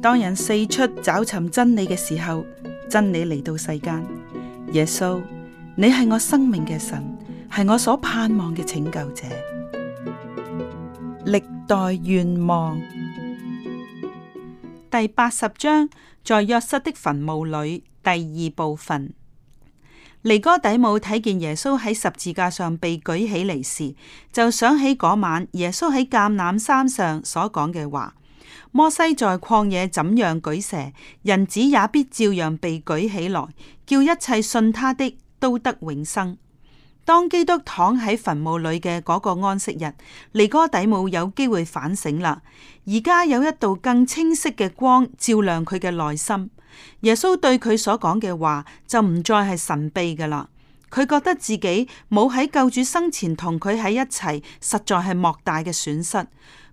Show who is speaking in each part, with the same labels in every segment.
Speaker 1: 當人四出找尋真理嘅時候，真理嚟到世間。耶穌，你係我生命嘅神，係我所盼望嘅拯救者。歷代願望第八十章，在約瑟的墳墓裏第二部分。尼哥底母睇見耶穌喺十字架上被舉起嚟時，就想起嗰晚耶穌喺橄欖山上所講嘅話：摩西在曠野怎樣舉蛇，人子也必照樣被舉起來，叫一切信他的都得永生。當基督躺喺墳墓裏嘅嗰個安息日，尼哥底母有機會反省啦。而家有一道更清晰嘅光照亮佢嘅內心。耶穌對佢所講嘅話就唔再係神秘㗎喇，佢覺得自己冇喺救主生前同佢喺一齊，實在係莫大嘅損失。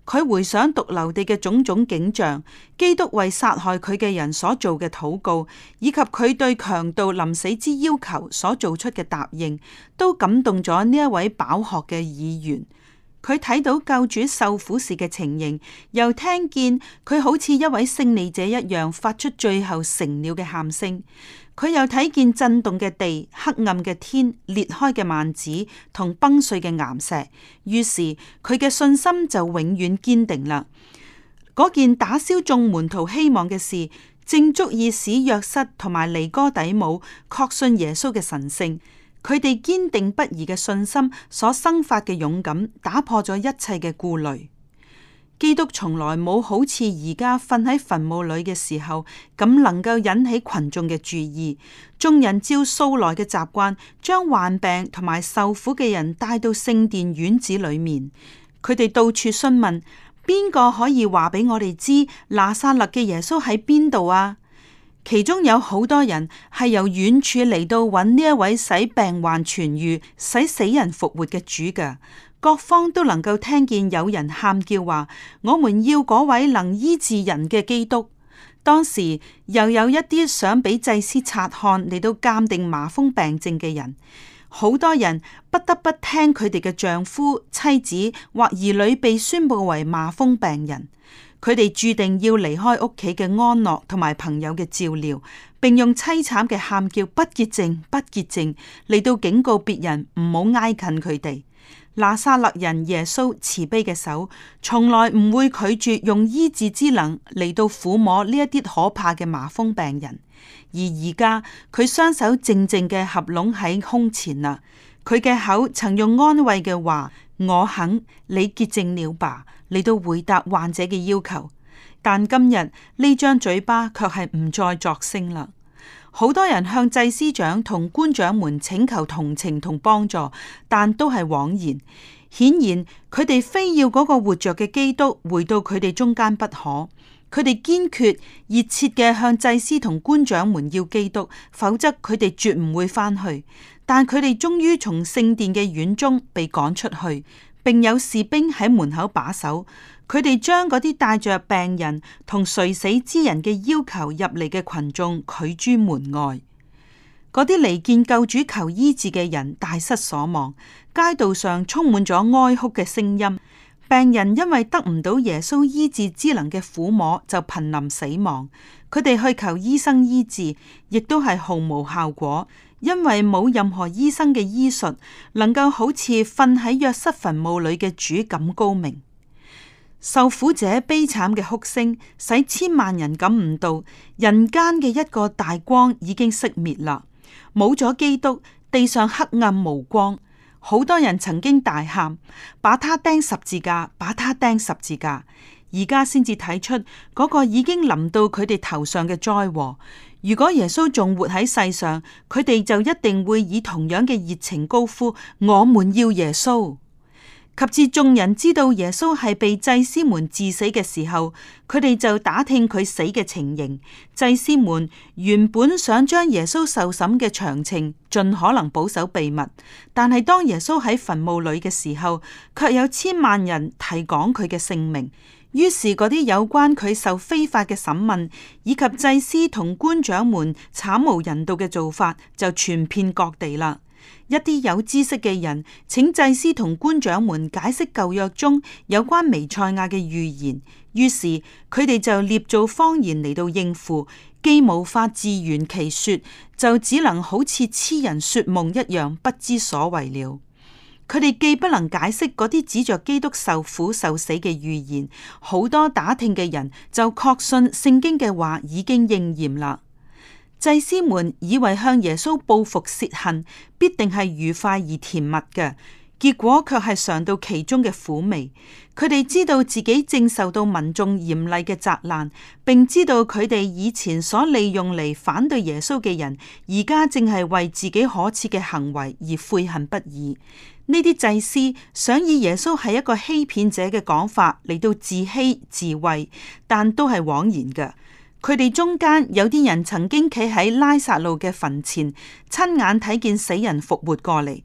Speaker 1: 佢回想髑髏地嘅種種景象，基督為殺害佢嘅人所做嘅禱告，以及佢對強盜臨死之要求所做出嘅答應，都感動咗呢一位飽學嘅議員。佢睇到救主受苦時嘅情形，又聽見佢好似一位勝利者一樣發出最後成了嘅喊聲，佢又睇見震動嘅地、黑暗嘅天、裂開嘅幔子同崩碎嘅岩石，於是佢嘅信心就永遠堅定啦。嗰件打消眾門徒希望嘅事，正足以使約瑟同埋尼哥底母確信耶穌嘅神聖。佢哋堅定不移嘅信心所生發嘅勇敢，打破咗一切嘅顧慮。基督從來冇好似而家瞓喺墳墓裏嘅時候，咁能夠引起群眾嘅注意。眾人照蘇來嘅習慣，將患病同埋受苦嘅人帶到聖殿院子裏面。佢哋到處詢問，邊個可以話俾我哋知拿撒勒嘅耶穌喺邊度啊？其中有好多人係由遠處嚟到揾呢一位使病患痊愈、使死人復活嘅主嘅，各方都能夠聽見有人喊叫話：我們要嗰位能醫治人嘅基督。當時又有一啲想俾祭司察看嚟到鑒定麻風病症嘅人，好多人不得不聽佢哋嘅丈夫、妻子或兒女被宣布為麻風病人。佢哋注定要離開屋企嘅安樂同埋朋友嘅照料，並用凄慘嘅喊叫：不潔淨，不潔淨！嚟到警告別人唔好挨近佢哋。拿撒勒人耶穌慈悲嘅手，從來唔會拒絕用醫治之能嚟到撫摸呢一啲可怕嘅麻風病人。而而家佢雙手靜靜嘅合攏喺胸前啦，佢嘅口曾用安慰嘅話：我肯，你潔淨了吧。嚟到回答患者嘅要求，但今日呢張嘴巴卻係唔再作聲啦。好多人向祭司長同官長們請求同情同幫助，但都係枉然。顯然佢哋非要嗰個活着嘅基督回到佢哋中間不可。佢哋堅決熱切嘅向祭司同官長們要基督，否則佢哋絕唔會翻去。但佢哋終於從聖殿嘅院中被趕出去。並有士兵喺門口把守，佢哋將嗰啲帶着病人同垂死之人嘅要求入嚟嘅群眾拒諸門外。嗰啲嚟見救主求醫治嘅人大失所望，街道上充滿咗哀哭嘅聲音。病人因為得唔到耶穌醫治之能嘅撫摸，就瀕臨死亡。佢哋去求醫生醫治，亦都係毫無效果。因為冇任何醫生嘅醫術，能夠好似瞓喺約瑟墳墓裏嘅主咁高明。受苦者悲慘嘅哭聲，使千萬人感悟到人間嘅一個大光已經熄滅啦，冇咗基督，地上黑暗無光。好多人曾經大喊：把他釘十字架，把他釘十字架。而家先至睇出嗰個已經臨到佢哋頭上嘅災禍。如果耶穌仲活喺世上，佢哋就一定會以同樣嘅熱情高呼：我們要耶穌。及至眾人知道耶穌係被祭司們致死嘅時候，佢哋就打聽佢死嘅情形。祭司們原本想將耶穌受審嘅詳情盡可能保守秘密，但係當耶穌喺墳墓裏嘅時候，卻有千萬人提講佢嘅姓名。於是嗰啲有關佢受非法嘅審問，以及祭司同官長們慘無人道嘅做法，就傳遍各地啦。一啲有知識嘅人請祭司同官長們解釋舊約中有關彌賽亞嘅預言，於是佢哋就捏造謊言嚟到應付，既無法自圓其說，就只能好似痴人説夢一樣，不知所為了。佢哋既不能解釋嗰啲指着基督受苦受死嘅預言，好多打聽嘅人就確信聖經嘅話已經應驗啦。祭司們以為向耶穌報復洩恨，必定係愉快而甜蜜嘅，結果卻係嘗到其中嘅苦味。佢哋知道自己正受到民眾嚴厲嘅責難，並知道佢哋以前所利用嚟反對耶穌嘅人，而家正係為自己可恥嘅行為而悔恨不已。呢啲祭司想以耶穌係一個欺騙者嘅講法嚟到自欺自慰，但都係枉然嘅。佢哋中間有啲人曾經企喺拉撒路嘅墳前，親眼睇見死人復活過嚟。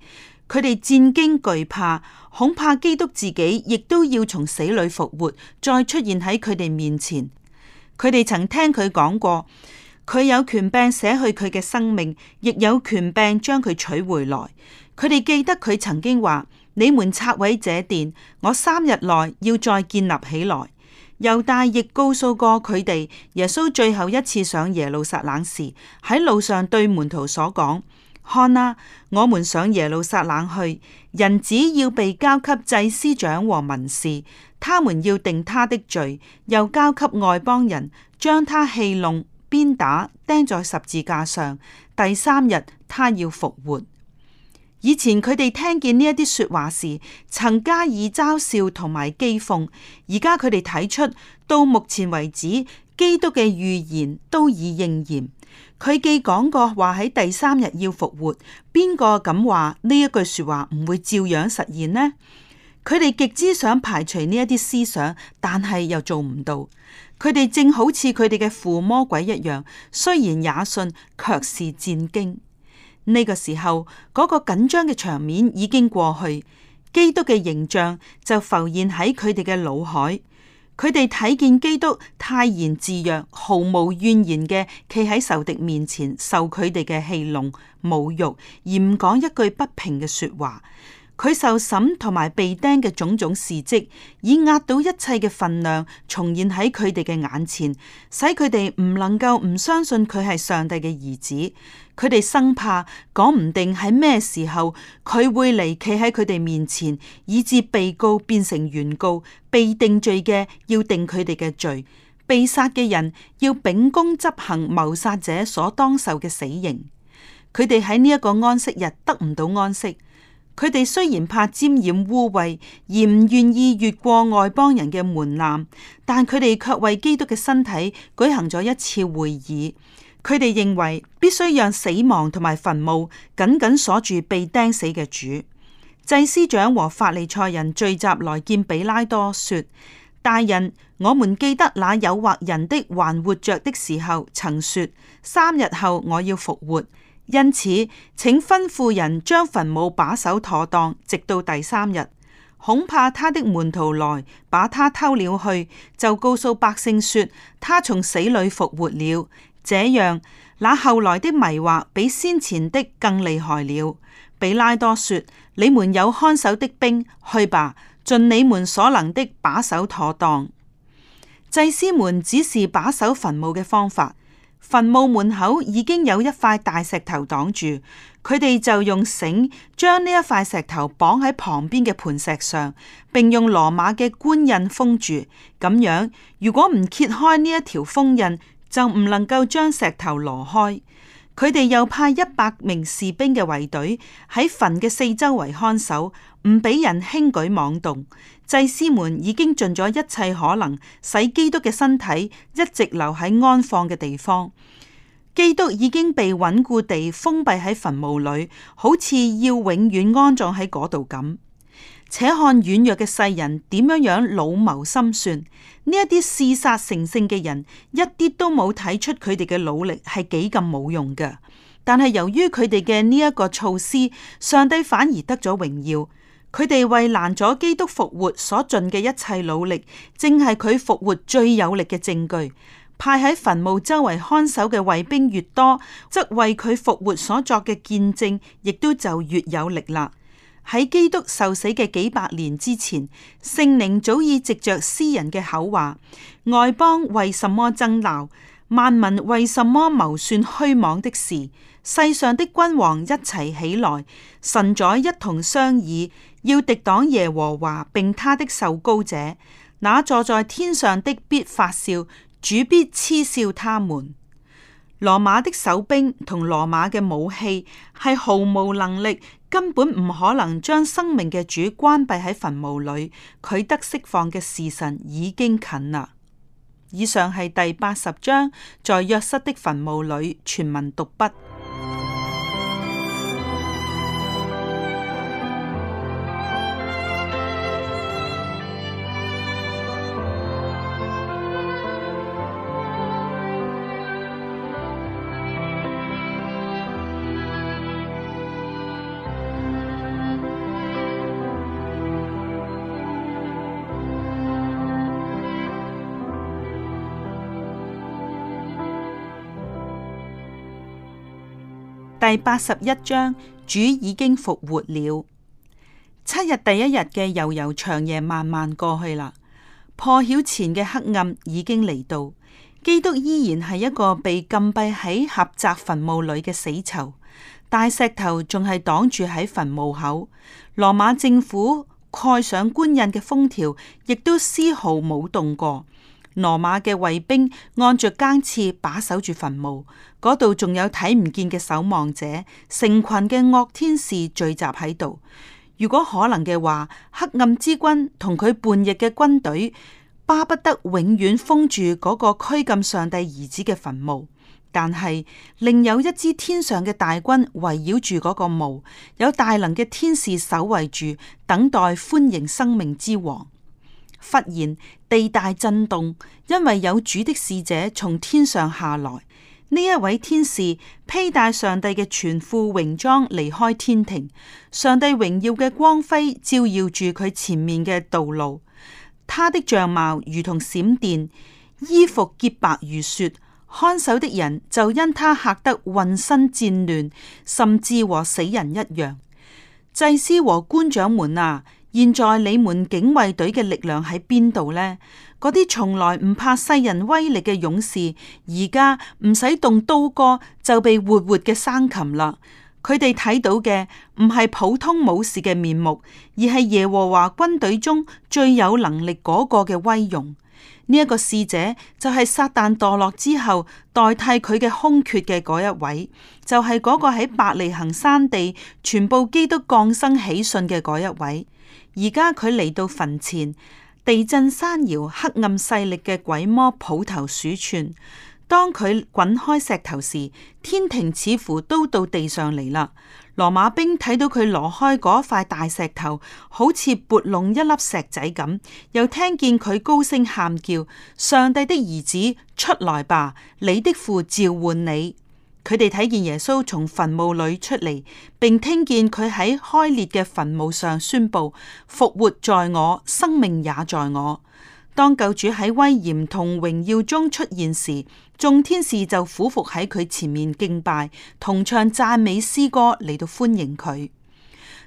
Speaker 1: 佢哋戰驚懼怕，恐怕基督自己亦都要從死裏復活，再出現喺佢哋面前。佢哋曾聽佢講過，佢有權柄捨去佢嘅生命，亦有權柄將佢取回來。佢哋記得佢曾經話：你們拆毀這殿，我三日內要再建立起來。猶大亦告訴過佢哋，耶穌最後一次上耶路撒冷時喺路上對門徒所講：看啊，我們上耶路撒冷去，人子要被交給祭司長和文士，他們要定他的罪，又交給外邦人，將他戲弄、鞭打，釘在十字架上。第三日，他要復活。以前佢哋聽見呢一啲說話時，曾加以嘲笑同埋譏諷。而家佢哋睇出，到目前為止，基督嘅預言都已應驗。佢既講過話喺第三日要復活，邊個敢話呢一句說話唔會照樣實現呢？佢哋極之想排除呢一啲思想，但係又做唔到。佢哋正好似佢哋嘅父魔鬼一樣，雖然也信，卻是戰驚。呢個時候，嗰個緊張嘅場面已經過去，基督嘅形象就浮現喺佢哋嘅腦海。佢哋睇見基督泰然自若、毫無怨言嘅，企喺仇敵面前受佢哋嘅戲弄、侮辱，而唔講一句不平嘅說話。佢受審同埋被釘嘅種種事跡，以壓倒一切嘅份量重現喺佢哋嘅眼前，使佢哋唔能夠唔相信佢係上帝嘅兒子。佢哋生怕講唔定喺咩時候，佢會嚟企喺佢哋面前，以致被告變成原告，被定罪嘅要定佢哋嘅罪，被殺嘅人要秉公執行謀殺者所當受嘅死刑。佢哋喺呢一個安息日得唔到安息。佢哋雖然怕沾染污穢而唔願意越過外邦人嘅門檻，但佢哋卻為基督嘅身體舉行咗一次會議。佢哋認為必須讓死亡同埋墳墓緊緊鎖住被釘死嘅主。祭司長和法利賽人聚集來見彼拉多說，說：大人，我們記得那誘惑人的還活着的時候，曾說三日後我要復活。因此，請吩咐人將墳墓把守妥當，直到第三日，恐怕他的門徒來把他偷了去，就告訴百姓說他從死裏復活了。這樣，那後來的迷惑比先前的更厲害了。比拉多說：你們有看守的兵去吧，盡你們所能的把守妥當。祭司們只是把守墳墓嘅方法，墳墓門口已經有一塊大石頭擋住，佢哋就用繩將呢一塊石頭綁喺旁邊嘅磐石上，並用羅馬嘅官印封住。咁樣，如果唔揭開呢一條封印，就唔能夠將石頭挪開，佢哋又派一百名士兵嘅衛隊喺墳嘅四周圍看守，唔俾人輕舉妄動。祭司們已經盡咗一切可能，使基督嘅身體一直留喺安放嘅地方。基督已經被穩固地封閉喺墳墓裏，好似要永遠安葬喺嗰度咁。且看軟弱嘅世人點樣樣老謀深算。呢一啲嗜殺成性嘅人，一啲都冇睇出佢哋嘅努力係幾咁冇用㗎。但係由於佢哋嘅呢一個措施，上帝反而得咗榮耀。佢哋為攔阻基督復活所盡嘅一切努力，正係佢復活最有力嘅證據。派喺墳墓周圍看守嘅衛兵越多，則為佢復活所作嘅見證，亦都就越有力啦。喺基督受死嘅幾百年之前，聖靈早已藉着詩人嘅口話：外邦為什麼爭鬧？萬民為什麼謀算虛妄的事？世上的君王一齊起，起來，神在一同商議，要敵擋耶和華並他的受膏者。那坐在天上的必發笑，主必嗤笑他們。羅馬的守兵同羅馬嘅武器係毫無能力，根本唔可能將生命嘅主關閉喺墳墓裏。佢得釋放嘅時辰已經近啦。以上係第八十章，在約瑟的墳墓裏，全文讀畢。第八十一章，主已經復活了。七日第一日嘅悠悠長夜慢慢過去啦，破曉前嘅黑暗已經嚟到。基督依然係一個被禁閉喺狹窄墳墓裏嘅死囚，大石頭仲係擋住喺墳墓口，羅馬政府蓋上官印嘅封條，亦都絲毫冇動過。羅馬嘅衛兵按住更次把守住墳墓，嗰度仲有睇唔見嘅守望者，成群嘅惡天使聚集喺度。如果可能嘅話，黑暗之君同佢叛逆嘅軍隊巴不得永遠封住嗰個拘禁上帝兒子嘅墳墓。但係另有一支天上嘅大軍圍繞住嗰個墓，有大能嘅天使守衛住，等待歡迎生命之王。忽然地大震動，因為有主的使者從天上下來。呢一位天使披戴上帝嘅全副榮裝離開天庭，上帝榮耀嘅光輝照耀住佢前面嘅道路。他的相貌如同閃電，衣服潔白如雪。看守的人就因他嚇得渾身戰亂，甚至和死人一樣。祭司和官長們啊！現在你們警衛隊嘅力量喺邊度呢？嗰啲從來唔怕世人威力嘅勇士，而家唔使動刀戈就被活活嘅生擒啦。佢哋睇到嘅唔係普通武士嘅面目，而係耶和華軍隊中最有能力嗰個嘅威容。呢、這、一個使者就係撒旦墮落之後代替佢嘅空缺嘅嗰一位，就係、是、嗰個喺伯利恆山地全部基督降生喜信嘅嗰一位。而家佢嚟到墳前，地震山搖，黑暗勢力嘅鬼魔抱頭鼠竄。當佢滾開石頭時，天庭似乎都到地上嚟啦。羅馬兵睇到佢攞開嗰塊大石頭，好似撥弄一粒石仔咁，又聽見佢高聲喊叫：上帝的兒子，出來吧，你的父召喚你。佢哋睇見耶穌從墳墓裏出嚟，並聽見佢喺開裂嘅墳墓上宣布：復活在我，生命也在我。當救主喺威嚴同榮耀中出現時，眾天使就俯伏喺佢前面敬拜，同唱讚美詩歌嚟到歡迎佢。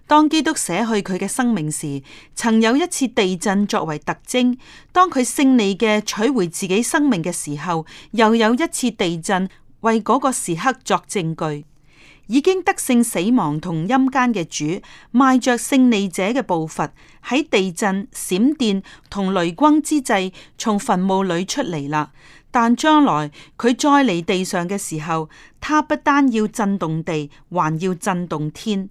Speaker 1: 當基督捨去佢嘅生命時，曾有一次地震作為特徵；當佢勝利嘅取回自己生命嘅時候，又有一次地震，為嗰個時刻作證據，已經得勝死亡同陰間嘅主，邁着勝利者嘅步伐，喺地震、閃電同雷光之際，從墳墓裏出嚟啦。但將來佢再嚟地上嘅時候，他不單要震動地，還要震動天，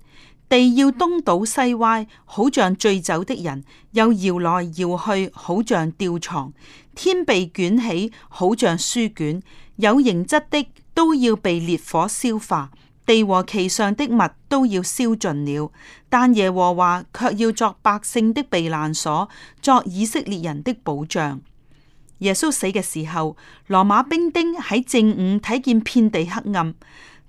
Speaker 1: 地要東倒西歪，好像醉酒的人，又搖來搖去，好像吊床；天被捲起，好像書卷，有形質的。都要被烈火消化，地和其上的物都要燒盡了。但耶和華卻要作百姓的避難所，作以色列人的保障。耶穌死嘅時候，羅馬兵丁喺正午睇見遍地黑暗。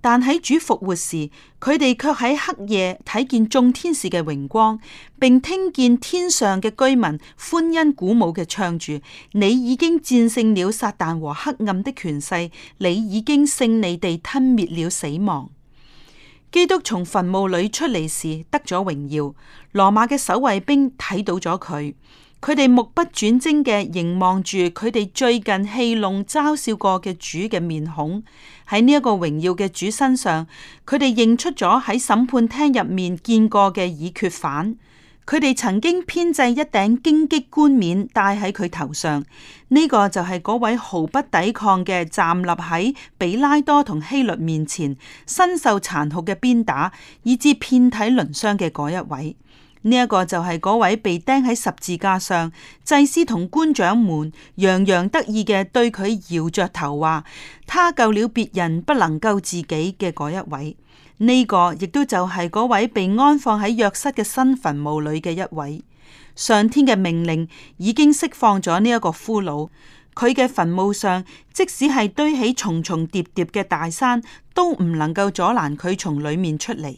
Speaker 1: 但喺主復活時，佢哋卻喺黑夜睇見眾天使嘅榮光，並聽見天上嘅居民歡欣鼓舞嘅唱住：你已經戰勝了撒旦和黑暗的權勢，你已經勝利地吞滅了死亡。基督從墳墓裏出嚟時，得咗榮耀。羅馬嘅守衛兵睇到咗佢。佢哋目不轉睛嘅凝望住佢哋最近戲弄嘲笑過嘅主嘅面孔。喺呢一個榮耀嘅主身上，佢哋認出咗喺審判廳入面見過嘅已決犯。佢哋曾經編製一頂荊棘冠冕戴喺佢頭上，呢、這個就係嗰位毫不抵抗嘅站立喺比拉多同希律面前，身受殘酷嘅鞭打，以致遍體鱗傷嘅嗰一位。呢一個就係嗰位被釘喺十字架上，祭司同官長們洋洋得意嘅對佢搖着頭話：他救了別人，不能救自己嘅嗰一位。呢個亦都就係嗰位被安放喺約瑟嘅新墳墓裏嘅一位。上天嘅命令已經釋放咗呢一個俘虜，佢嘅墳墓上即使係堆起重重疊疊嘅大山，都唔能夠阻攔佢從裏面出嚟。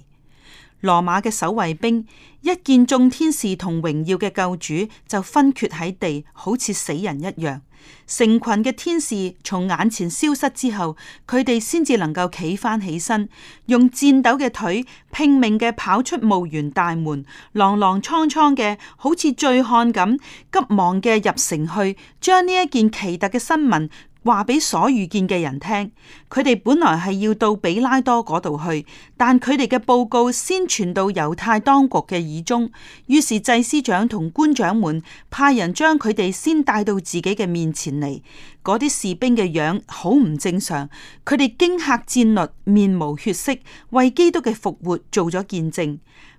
Speaker 1: 羅馬嘅守衛兵一見眾天使同榮耀嘅救主就昏厥，喺地，好似死人一樣。成群嘅天使從眼前消失之後，佢哋先至能夠企翻起身，用顫抖嘅腿拼命嘅跑出墓園大門，踉踉蹌蹌嘅，好似醉漢咁，急忙嘅入城去，將呢一件奇特嘅新聞。話俾所遇見嘅人聽，佢哋本來係要到比拉多嗰度去，但佢哋嘅報告先傳到猶太當局嘅耳中，於是祭司長同官長們派人將佢哋先帶到自己嘅面前嚟。嗰啲士兵嘅樣好唔正常，佢哋驚嚇戰慄，面無血色，為基督嘅復活做咗見證。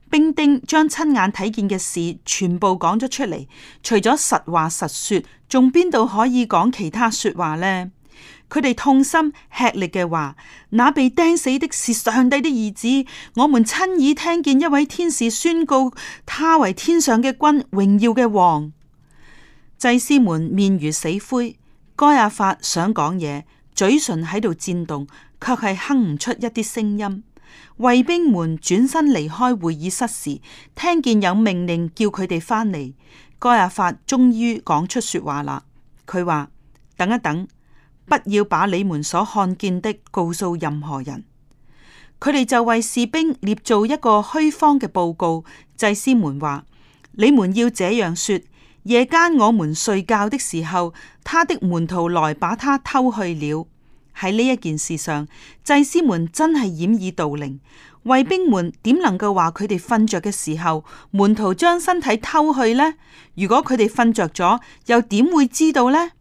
Speaker 1: 兵丁將親眼睇見嘅事全部講咗出嚟，除咗實話實說，仲邊度可以講其他說話呢？佢哋痛心吃力嘅話，那被釘死的是上帝的兒子，我們親耳聽見一位天使宣告他為天上嘅君，榮耀嘅王。祭司們面如死灰，該亞法想講嘢，嘴唇喺度顫動，卻係哼唔出一啲聲音。衛兵們轉身離開會議室時，聽見有命令叫佢哋翻嚟。該亞法終於講出說話啦，佢話：等一等，不要把你們所看見的告訴任何人。佢哋就為士兵捏造一個虛謊嘅報告。祭司們話：你們要這樣說，夜間我們睡覺的時候，他的門徒來把他偷去了。喺呢一件事上，祭司們真係掩耳盜鈴。衛兵們點能夠話佢哋瞓着嘅時候，門徒將身體偷去呢？如果佢哋瞓着咗，又點會知道呢？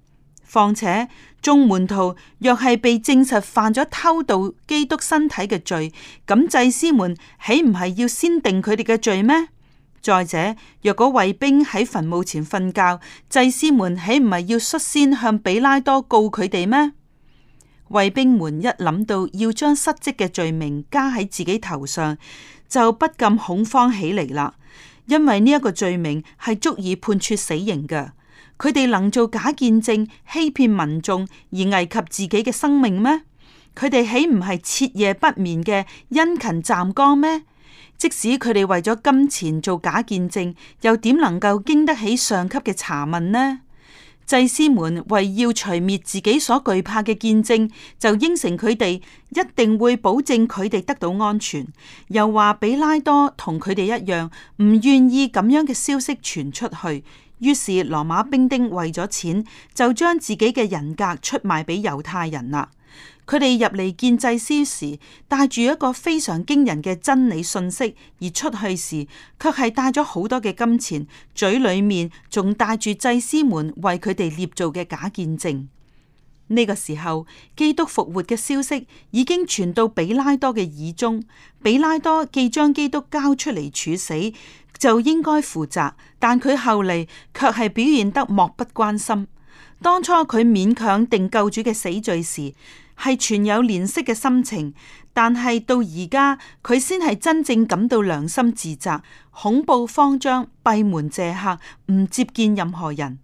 Speaker 1: 況且眾門徒若係被證實犯咗偷盜基督身體嘅罪，咁祭司們豈唔係要先定佢哋嘅罪咩？再者，若果衛兵喺墳墓前瞓覺，祭司們豈唔係要率先向比拉多告佢哋咩？衛兵們一諗到要將失職嘅罪名加喺自己頭上，就不禁恐慌起嚟啦。因為呢一個罪名係足以判處死刑嘅，佢哋能做假見證欺騙民眾而危及自己嘅生命咩？佢哋豈唔係徹夜不眠嘅殷勤站崗咩？即使佢哋為咗金錢做假見證，又點能夠經得起上級嘅查問呢？祭司們為要除滅自己所懼怕嘅見證，就應承佢哋一定會保證佢哋得到安全，又話比拉多同佢哋一樣，唔願意咁樣嘅消息傳出去。於是羅馬兵丁為咗錢，就將自己嘅人格出賣俾猶太人啦。佢哋入嚟見祭司時，帶住一個非常驚人嘅真理信息，而出去時卻係帶咗好多嘅金錢，嘴裏面仲帶住祭司們為佢哋捏造嘅假見證。呢個時候，基督復活嘅消息已經傳到比拉多嘅耳中，比拉多既將基督交出嚟處死，就應該負責，但佢後嚟卻係表現得漠不關心。當初佢勉強定救主嘅死罪時，係存有憐惜嘅心情，但係到而家佢先係真正感到良心自責，恐怖慌張，閉門謝客，唔接見任何人。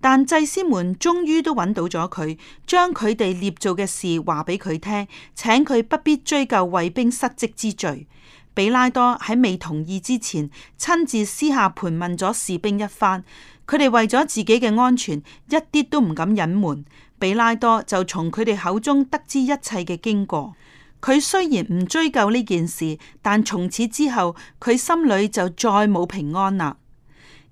Speaker 1: 但祭司們終於都揾到咗佢，將佢哋捏造嘅事話俾佢聽，請佢不必追究衛兵失職之罪。比拉多喺未同意之前，親自私下盤問咗士兵一番，佢哋為咗自己嘅安全，一啲都唔敢隱瞞。比拉多就從佢哋口中得知一切嘅經過。佢雖然唔追究呢件事，但從此之後，佢心裏就再冇平安啦。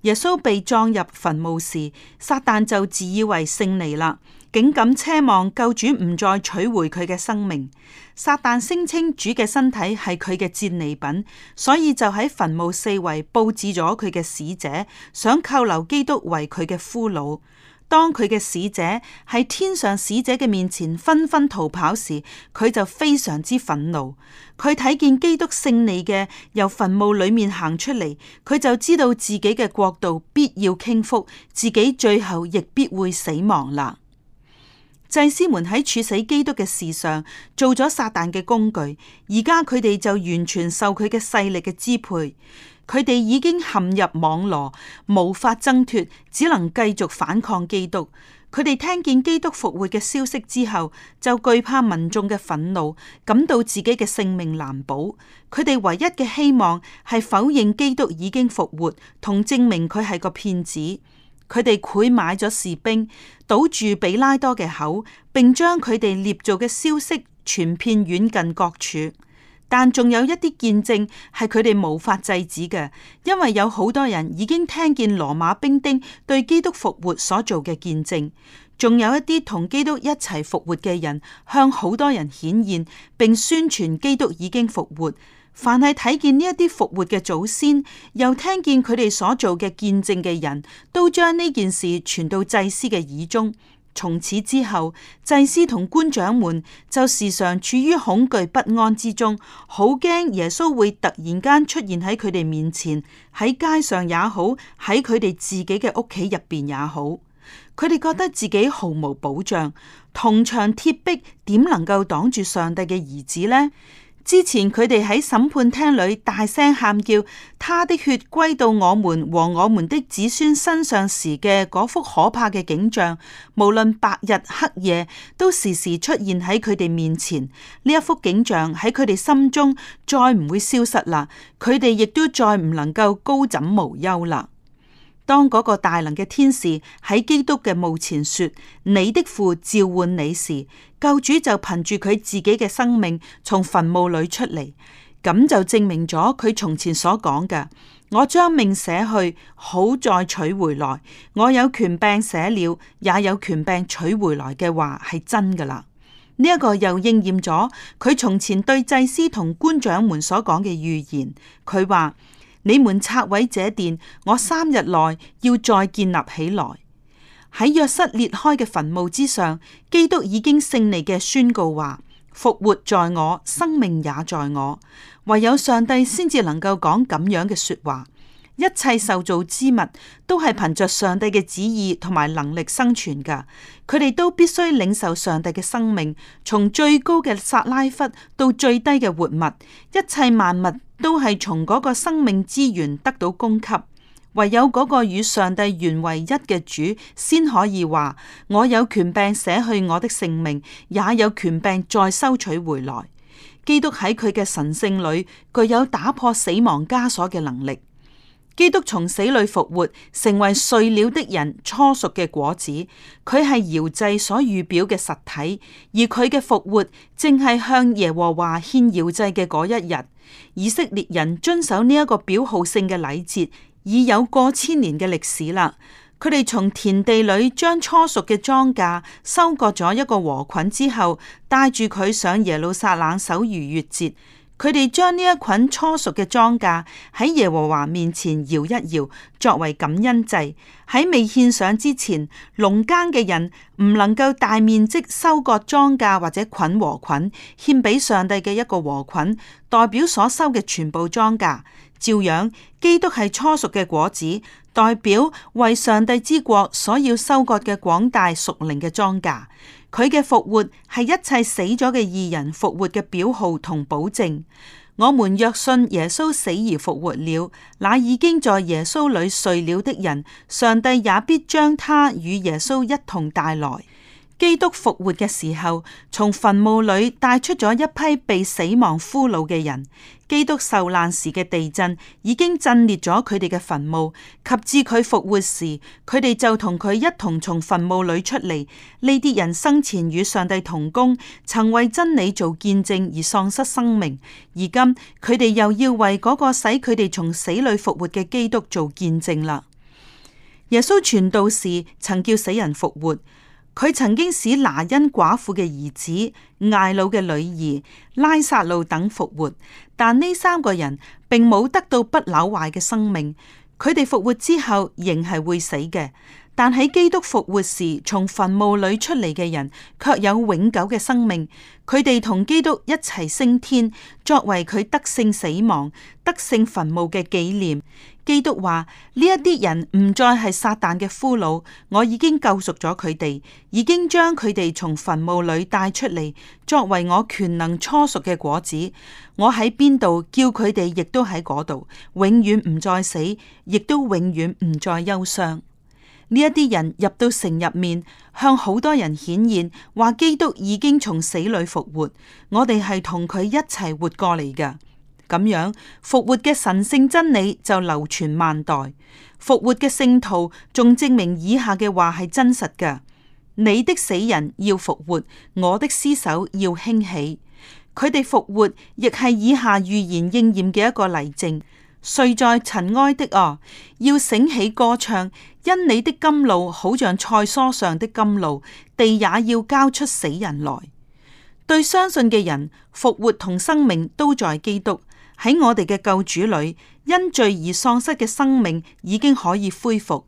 Speaker 1: 耶穌被葬入墳墓時，撒旦就自以為勝利啦，竟敢奢望救主唔再取回佢嘅生命。撒旦聲稱主嘅身體係佢嘅戰利品，所以就喺墳墓四圍布置咗佢嘅使者，想扣留基督為佢嘅俘虜。當佢嘅使者喺天上使者嘅面前紛紛逃跑時，佢就非常之憤怒。佢睇見基督勝利嘅由墳墓裏面行出嚟，佢就知道自己嘅國度必要傾覆，自己最後亦必會死亡啦。祭司們喺處死基督嘅事上做咗撒旦嘅工具，而家佢哋就完全受佢嘅勢力嘅支配。佢哋已經陷入網羅，無法掙脱，只能繼續反抗基督。佢哋聽見基督復活嘅消息之後，就懼怕民眾嘅憤怒，感到自己嘅性命難保。佢哋唯一嘅希望係否認基督已經復活，同證明佢係個騙子。佢哋賄買咗士兵，堵住比拉多嘅口，並將佢哋捏造嘅消息傳遍遠近各處。但仲有一啲見證係佢哋無法制止嘅，因為有好多人已經聽見羅馬兵丁對基督復活所做嘅見證，仲有一啲同基督一齊復活嘅人向好多人顯現，並宣傳基督已經復活。凡係睇見呢一啲復活嘅祖先，又聽見佢哋所做嘅見證嘅人，都將呢件事傳到祭司嘅耳中。從此之後，祭司同官長們就時常處於恐懼不安之中，好驚耶穌會突然間出現喺佢哋面前，喺街上也好，喺佢哋自己嘅屋企入邊也好，佢哋覺得自己毫無保障，銅牆鐵壁點能夠擋住上帝嘅兒子呢？之前佢哋喺審判廳裏大聲喊叫，他的血歸到我們和我們的子孫身上時嘅嗰幅可怕嘅景象，無論白日黑夜，都時時出現喺佢哋面前。呢一幅景象喺佢哋心中再唔會消失啦，佢哋亦都再唔能夠高枕無憂啦。當嗰個大能嘅天使喺基督嘅墓前說：你的父召喚你時，救主就憑住佢自己嘅生命從墳墓裏出嚟，咁就證明咗佢從前所講嘅：我將命捨去，好再取回來；我有權柄捨了，也有權柄取回來嘅話係真噶啦。呢一個又應驗咗佢從前對祭司同官長們所講嘅預言。佢話。你們拆毀這殿，我三日內要再建立起來。喺約瑟裂開嘅墳墓之上，基督已經勝利嘅宣告話，復活在我，生命也在我。唯有上帝先至能夠講咁樣嘅說話。一切受造之物都係憑着上帝嘅旨意同埋能力生存噶，佢哋都必須領受上帝嘅生命。從最高嘅撒拉弗到最低嘅活物，一切萬物都係從嗰個生命之源得到供給。唯有嗰個與上帝原為一嘅主，先可以話我有權柄捨去我的性命，也有權柄再收取回來。基督喺佢嘅神性裏，具有打破死亡枷鎖嘅能力。基督從死裏復活，成為睡了的人初熟嘅果子。佢係搖祭所預表嘅實體，而佢嘅復活正係向耶和華獻搖祭嘅嗰一日。以色列人遵守呢一個表號性嘅禮節，已有過千年嘅歷史啦。佢哋從田地裏將初熟嘅莊稼收割咗一個禾捆之後，帶住佢上耶路撒冷守逾越節。佢哋將呢一捆初熟嘅莊稼喺耶和華面前搖一搖，作為感恩祭。喺未獻上之前，農耕嘅人唔能夠大面積收割莊稼或者捆禾捆，獻俾上帝嘅一個禾捆，代表所收嘅全部莊稼。照樣，基督係初熟嘅果子。代表為上帝之國所要收割嘅廣大屬靈嘅莊稼，佢嘅復活係一切死咗嘅義人復活嘅表號同保證。我們若信耶穌死而復活了，那已經在耶穌裏睡了的人，上帝也必將他與耶穌一同帶來。基督復活嘅時候，從墳墓裏帶出咗一批被死亡俘虜嘅人。基督受難時嘅地震，已經震裂咗佢哋嘅墳墓，及至佢復活時，佢哋就同佢一同從墳墓裏出嚟。呢啲人生前與上帝同工，曾為真理做見證而喪失生命，而今佢哋又要為嗰個使佢哋從死裏復活嘅基督做見證啦。耶穌傳道時，曾叫死人復活。佢曾經使拿恩寡婦嘅兒子、艾魯嘅女兒、拉撒路等復活，但呢三個人並冇得到不朽壞嘅生命。佢哋復活之後仍係會死嘅。但喺基督復活時，從墳墓裏出嚟嘅人卻有永久嘅生命。佢哋同基督一齊升天，作為佢得勝死亡、得勝墳墓嘅紀念。基督話：呢一啲人唔再係撒旦嘅俘虜，我已經救贖咗佢哋，已經將佢哋從墳墓裏帶出嚟，作為我權能初熟嘅果子。我喺邊度叫佢哋，亦都喺嗰度，永遠唔再死，亦都永遠唔再憂傷。呢一啲人入到城入面，向好多人顯現，話基督已經從死裏復活，我哋係同佢一齊活過嚟㗎。咁樣復活嘅神聖真理就流傳萬代，復活嘅聖徒仲證明以下嘅話係真實嘅：你的死人要復活，我的屍首要興起。佢哋復活亦係以下預言應驗嘅一個例證。睡在塵埃的啊，要醒起歌唱，因你的甘露，好像菜蔬上的甘露，地也要交出死人來。對相信嘅人，復活同生命都在基督。喺我哋嘅救主裏，因罪而喪失嘅生命已經可以恢復。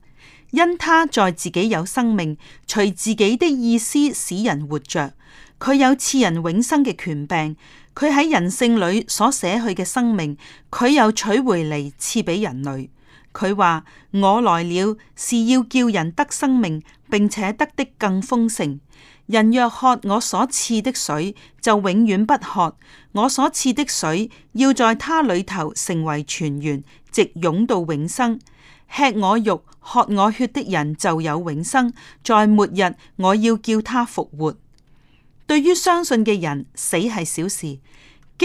Speaker 1: 因他在自己有生命，隨自己的意思使人活着，佢有賜人永生嘅權柄。佢喺人性裏所捨去嘅生命，佢又取回嚟賜俾人類。佢話：我來了，是要叫人得生命，並且得的更豐盛。人若喝我所賜的水，就永遠不渴。我所賜的水，要在他裏頭成為泉源，直湧到永生。吃我肉、喝我血的人就有永生。在末日，我要叫他復活。對於相信嘅人，死係小事。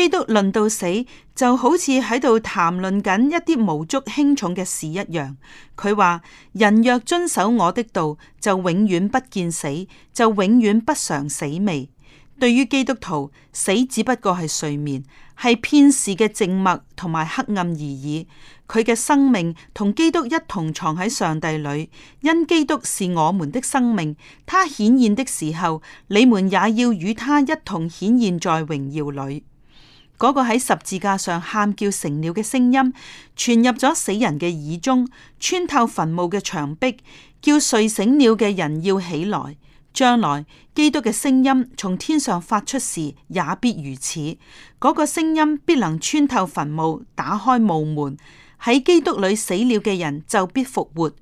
Speaker 1: 基督論到死，就好似喺度談論緊一啲無足輕重嘅事一樣。佢話：人若遵守我的道，就永遠不見死，就永遠不嘗死味。對於基督徒，死只不過係睡眠，係片時嘅靜默同埋黑暗而已。佢嘅生命同基督一同藏喺上帝裏，因基督是我們的生命。他顯現的時候，你們也要與他一同顯現在榮耀裏。嗰個喺十字架上喊叫成了嘅聲音，傳入咗死人嘅耳中，穿透墳墓嘅牆壁，叫睡醒了嘅人要起來。將來基督嘅聲音從天上發出時，也必如此。嗰、那個聲音必能穿透墳墓，打開墓門，喺基督裏死了嘅人就必復活。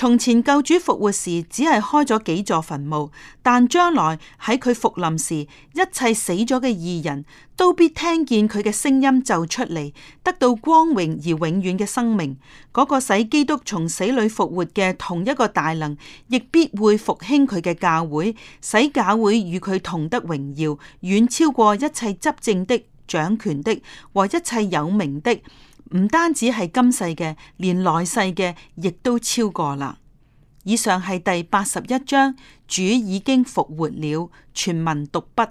Speaker 1: 從前救主復活時，只係開咗幾座墳墓，但將來喺佢復臨時，一切死咗嘅義人都必聽見佢嘅聲音，就出嚟，得到光榮而永遠嘅生命。嗰、那個使基督從死裏復活嘅同一個大能，亦必會復興佢嘅教會，使教會與佢同得榮耀，遠超過一切執政的、掌權的和一切有名的。唔單止係今世嘅，連來世嘅亦都超過啦。以上係第八十一章，主已經復活了，全文讀畢。